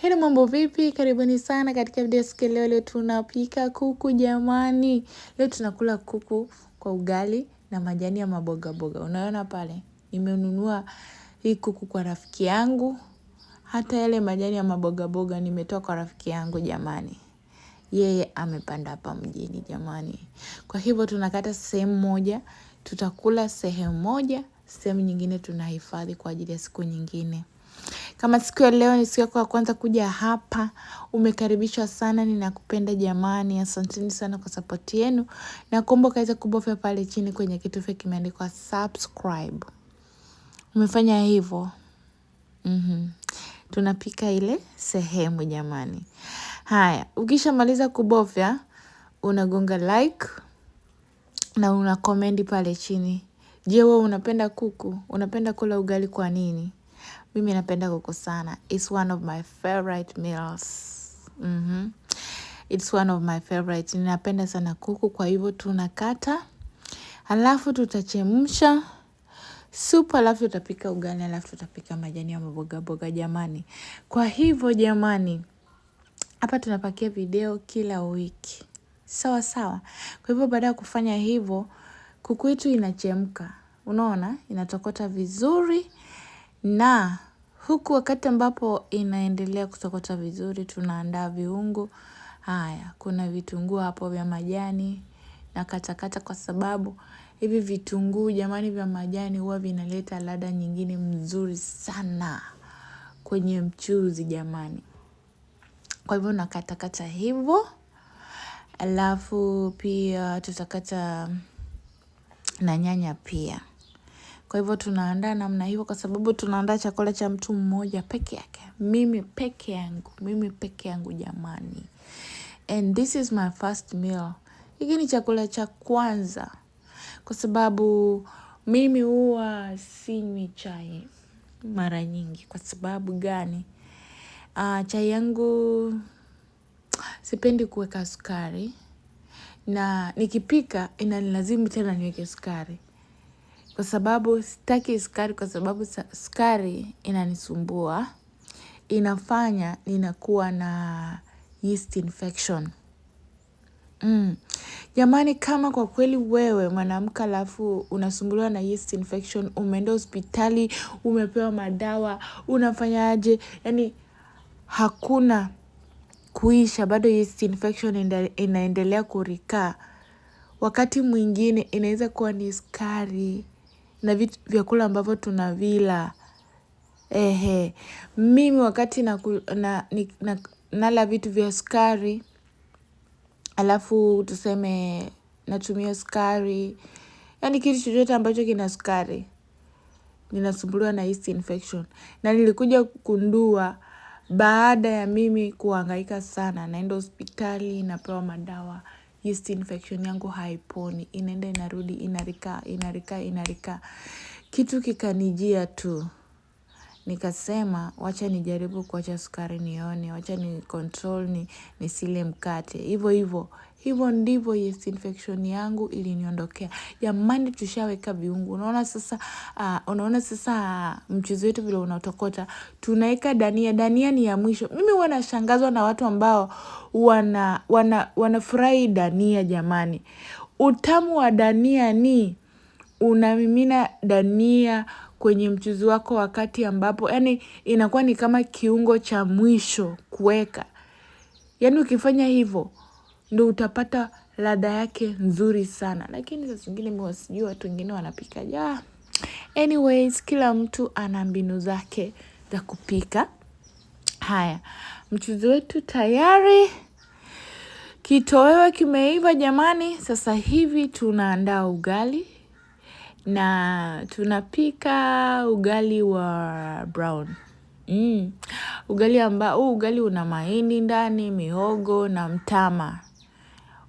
Hello, mambo vipi? Karibuni sana katika video siku leo. Leo tunapika kuku jamani. Leo tunakula kuku kwa ugali na majani ya maboga boga. Unaona pale, nimenunua hii kuku kwa rafiki yangu, hata yale majani ya maboga boga nimetoa kwa rafiki yangu jamani, yeye amepanda hapa mjini jamani. Kwa hivyo tunakata sehemu moja, tutakula sehemu moja, sehemu nyingine tunahifadhi kwa ajili ya siku nyingine. Kama siku ya leo ni siku yako ya kwanza kuja hapa, umekaribishwa sana. Ninakupenda jamani, asanteni sana kwa sapoti yenu, na kuomba ukaweza kubofya pale chini kwenye kitufe kimeandikwa subscribe. Umefanya hivyo mm -hmm. Tunapika ile sehemu jamani. Haya, ukishamaliza kubofya unagonga like na una komendi pale chini. Je, wewe unapenda kuku? Unapenda kula ugali kwa nini? Mimi napenda kuku sana. It's one of my favorite meals. Mm -hmm. It's one of my favorite. Ninapenda sana kuku kwa hivyo tunakata. alafu tutachemsha. Supu alafu tutapika ugali alafu tutapika majani ya maboga boga jamani. Kwa hivyo jamani. Hapa tunapakia video kila wiki. Sawa sawa. Kwa hivyo baada ya kufanya hivyo, kuku yetu inachemka. Unaona? Inatokota vizuri na Huku wakati ambapo inaendelea kusokota vizuri, tunaandaa viungo. Haya, kuna vitunguu hapo vya majani na katakata kwa sababu hivi vitunguu jamani vya majani huwa vinaleta ladha nyingine mzuri sana kwenye mchuzi jamani. Kwa hivyo nakatakata hivyo. Alafu pia tutakata na nyanya pia. Kwa hivyo tunaandaa namna hiyo, kwa sababu tunaandaa chakula cha mtu mmoja peke yake, mimi peke yangu, mimi peke yangu jamani, and this is my first meal. Hiki ni chakula cha kwanza, kwa sababu mimi huwa sinywi chai mara nyingi. Kwa sababu gani? Uh, chai yangu sipendi kuweka sukari na nikipika inanilazimu tena niweke sukari kwa sababu sitaki sukari, kwa sababu sukari inanisumbua, inafanya ninakuwa na yeast infection. Mm. Jamani, kama kwa kweli wewe mwanamke alafu unasumbuliwa na yeast infection, umeenda hospitali, umepewa madawa, unafanyaje? yani hakuna kuisha, bado yeast infection inaendelea kurikaa. Wakati mwingine inaweza kuwa ni sukari, na vitu, vyakula ambavyo tunavila. Ehe, mimi wakati na, na, ni, na, nala vitu vya sukari, alafu tuseme natumia sukari, yani kitu chochote ambacho kina sukari, ninasumbuliwa na yeast infection. Na nilikuja kugundua baada ya mimi kuhangaika sana, naenda hospitali, napewa madawa yeast infection yangu haiponi, inaenda inarudi, inarika inarikaa, inarikaa, kitu kikanijia tu. Nikasema wacha nijaribu kuacha sukari nione, wacha ni control ni nisile mkate. Hivo hivyo hivyo ndivyo yeast infection yangu iliniondokea. Jamani tushaweka viungo. Unaona sasa, uh, unaona sasa ah, mchuzi wetu vile unatokota. Tunaeka dania, dania ni ya mwisho. Mimi huwa nashangazwa na watu ambao wana wana wanafurahi dania jamani. Utamu wa dania ni unamimina dania kwenye mchuzi wako wakati ambapo yani inakuwa ni kama kiungo cha mwisho kuweka. Yani ukifanya hivyo ndo utapata ladha yake nzuri sana, lakini saa zingine mimi sijui watu wengine wanapikaje. Ah, anyways, kila mtu ana mbinu zake za kupika. Haya, mchuzi wetu tayari, kitoweo kimeiva jamani. Sasa hivi tunaandaa ugali na tunapika ugali wa brown. Mm. Ugali ambao huu ugali una mahindi ndani, mihogo na mtama.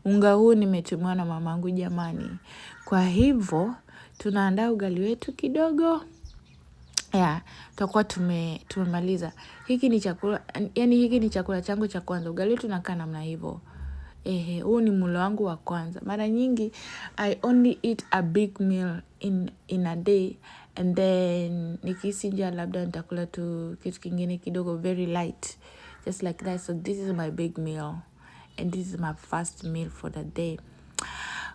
Unga huu nimetumiwa na mamangu jamani. Kwa hivyo tunaandaa ugali wetu kidogo. Yeah, tutakuwa tume tumemaliza. Hiki ni chakula, yani hiki ni chakula changu cha kwanza. Ugali wetu unakaa namna hivyo. Ehe, huu ni mulo wangu wa kwanza. Mara nyingi, I only eat a big meal in, in a day and then nikihisi njaa labda nitakula tu kitu kingine kidogo very light. Just like that. So this is my big meal and this is my first meal for the day.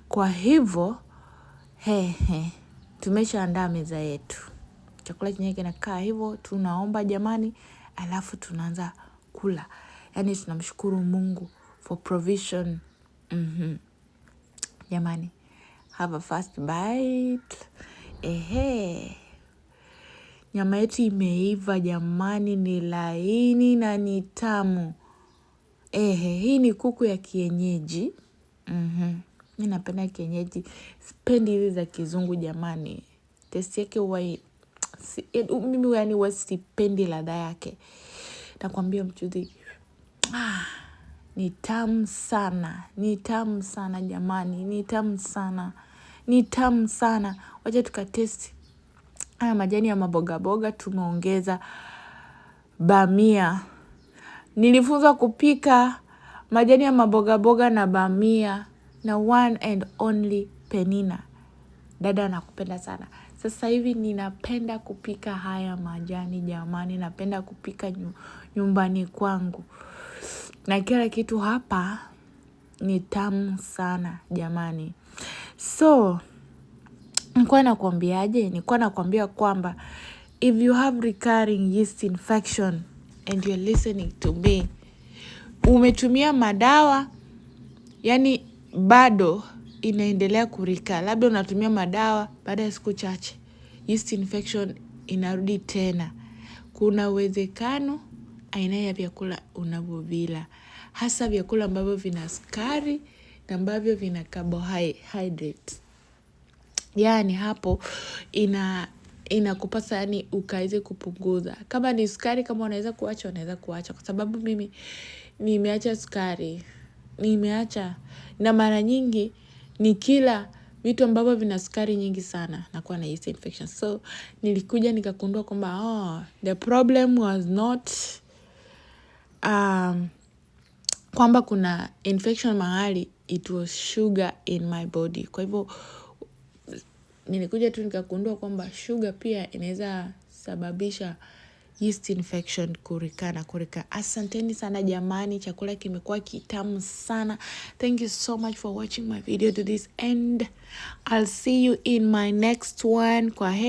Kwa hivo, hehe, tumeshaandaa meza yetu. Chakula chenyewe kinakaa hivo, tunaomba jamani, alafu tunaanza kula. Yaani tunamshukuru mungu for provision mm-hmm. Jamani, have a fast bite. Ehe, nyama yetu imeiva jamani, ni laini na ni tamu. Ehe, hii ni kuku ya kienyeji mm-hmm. Mi napenda kienyeji, spendi hizi za kizungu jamani, testi yake huwa si, mimi yani huwa sipendi ladha yake, nakwambia mchuzi ah ni tamu sana, ni tamu sana jamani, ni tamu sana, ni tamu sana. Wacha tukatesti haya majani ya mabogaboga. Tumeongeza bamia. Nilifunzwa kupika majani ya mabogaboga na bamia na one and only Penina. Dada nakupenda sana. Sasa hivi ninapenda kupika haya majani jamani, napenda kupika nyumbani kwangu na kila kitu hapa ni tamu sana jamani. So nikuwa nakuambiaje? nikuwa nakuambia kwamba if you have recurring yeast infection and you're listening to me, umetumia madawa yani bado inaendelea kurika, labda unatumia madawa, baada ya siku chache yeast infection inarudi tena, kuna uwezekano aina ya vyakula unavyovila, hasa vyakula ambavyo vina sukari na ambavyo vina carbohydrates. Yaani hapo ina inakupasa yani ukaweze kupunguza. Kama ni sukari, kama unaweza kuacha, unaweza kuacha, kwa sababu mimi nimeacha sukari, nimeacha na mara nyingi ni kila vitu ambavyo vina sukari nyingi sana nakuwa yeast infection. So nilikuja nikagundua kwamba oh, the problem was not um, kwamba kuna infection mahali, it was sugar in my body. Kwa hivyo nilikuja tu nikagundua kwamba sugar pia inaweza sababisha yeast infection kurika na kurika. Asanteni sana jamani, chakula kimekuwa kitamu sana. Thank you so much for watching my video to this end. I'll see you in my next one. Kwa